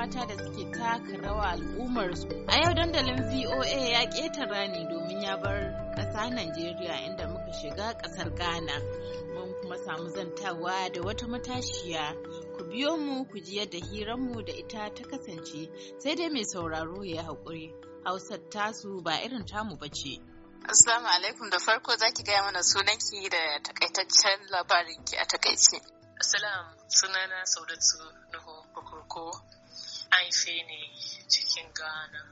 mata da suke taka rawa su A yau dandalin VOA ya ƙetara ne domin ya bar ƙasa Najeriya inda muka shiga ƙasar Ghana. Mun kuma samu zantawa da wata matashiya. Ku biyo mu ku ji yadda hiranmu da ita ta kasance sai dai mai sauraro ya haƙuri. Hausar tasu ba irin tamu ba ce. Assalamu alaikum da farko zaki ki gaya mana sunanki da takaitaccen labarinki a takaice. Assalam sunana Saudatu Nuhu Kokorko I'm ne chicken ghana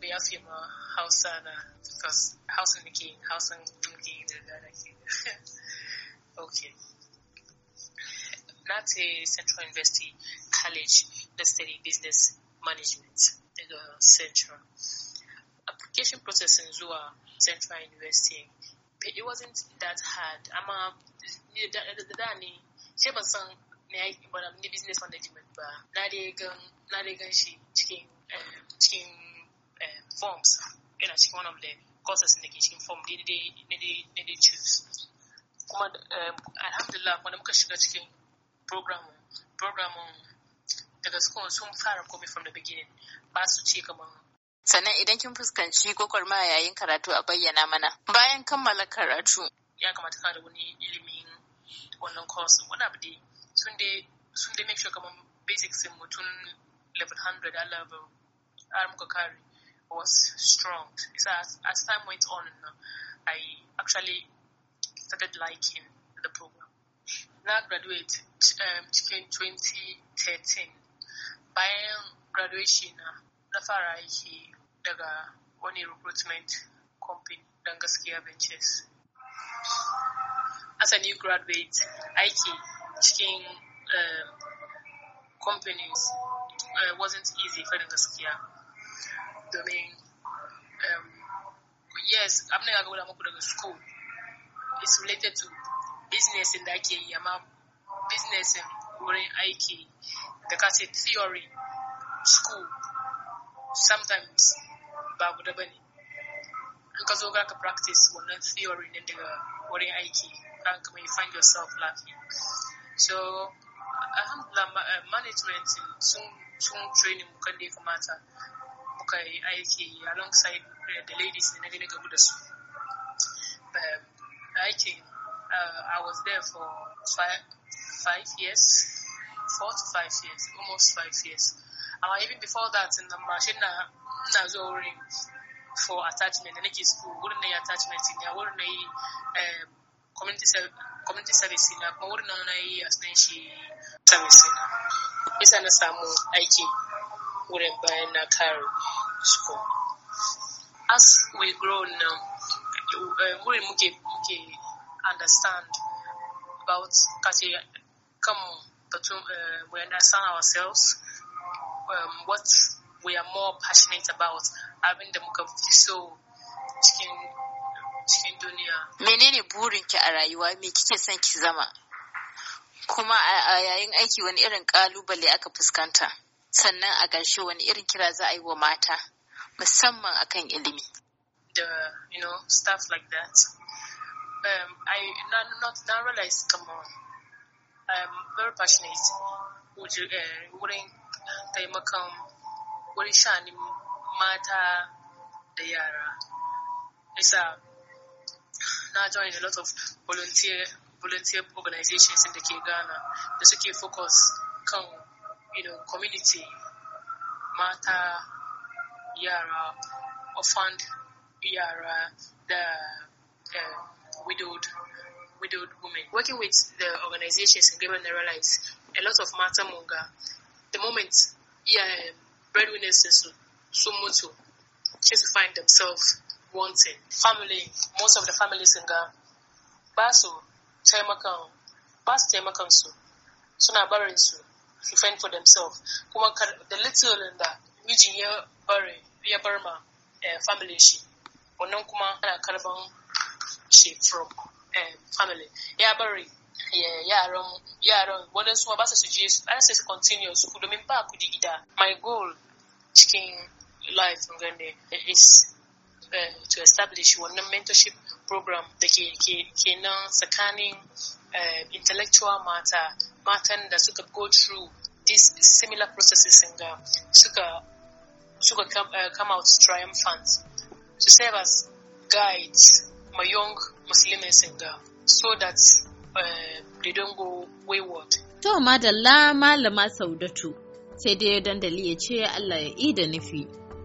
ba ya fi house hausa na because hausa nake hausan duki da ghana king. okay that's a central university college da study business management The central application process in zuwa central university it wasn't that hard I'ma the the the the the sai ban san na yi ba ni business management ba na dai gan na dai gan shi cikin eh, cikin eh, forms yana cikin one of the courses da ke cikin form daidai dai dai choose kuma eh, alhamdulillah kuma muka shiga cikin program program daga school sun fara komai from the beginning ba su ce kamar sannan idan kin fuskanci ma yayin karatu a bayyana mana bayan kammala karatu ya kamata ka da wani ilimin wannan course wani abu da Sunday. dai sun dai make sure kamar basics din mutum level 100 a level har muka kare was strong so as, as time went on i actually started liking the program Now graduate um, cikin 2013 By graduation uh, na na fara aiki daga wani recruitment company don gaskiya ventures as a new graduate aiki cikin um, companies uh, wasn't easy faɗin gaskiya domin um, yes abin da ga muku daga school it's related to business da ake yi amma business wurin aiki da ka theory school sometimes ba guda ka zo ka practice wannan theory ne daga wurin aiki kan you find yourself lacking so alhamdulillah eh, management sun training mu kan da ya kamata muka yi aiki alongside eh, the ladies na gani gabu da su um, aikin eh, i was there for five, five years four to five years almost five years and uh, even before that na mashin na na zo wurin for attachment da nake school wurin na yi attachment ne wurin na yi community, service na kuma wurin yi a shi service na bisa na samu aiki wurin bayan na kare school as we grow now wurin muke muke understand about kace batun we understand ourselves um, what we are more passionate about abin da muka fi so cikin menene burin ki a rayuwa me kike son ki zama kuma a yayin aiki wani irin kalubale aka fuskanta sannan a ƙarshe wani irin kira za a yi wa mata musamman akan ilimi the you know stuff like that um, I not, realize come on I'm very passionate eh, wurin taimakon wurin shani, mata da yara isa now join a lot of volunteer volunteer organizations in the ke Ghana da focus come, you know community mata yara orphaned yara the uh, widowed widowed women working with the organizations and given the realize a lot of mata munga the moment yeah breadwinners sun to just find themselves wanted family most of the families in ga ba su taimakan su suna barin su to fend for themselves kuma the little in da mijin ya bari ya bar ma eh, family shi wannan kuma ana karban shi from eh, family ya bari eh, yaran yaran waɗansu ba su je su an su continue su domin ba kudi gida my goal cikin life ne is Eh, to establish wannan mentorship program da ke kenan tsakanin eh, intellectual mata matan da suka go through these similar processes ga suka suka eh, come out triumphant to serve as guides my young Muslims in ga so that uh, they don't go wayward. To madalla malama Saudatu sai dai dandali ya ce Allah ya ida nufi.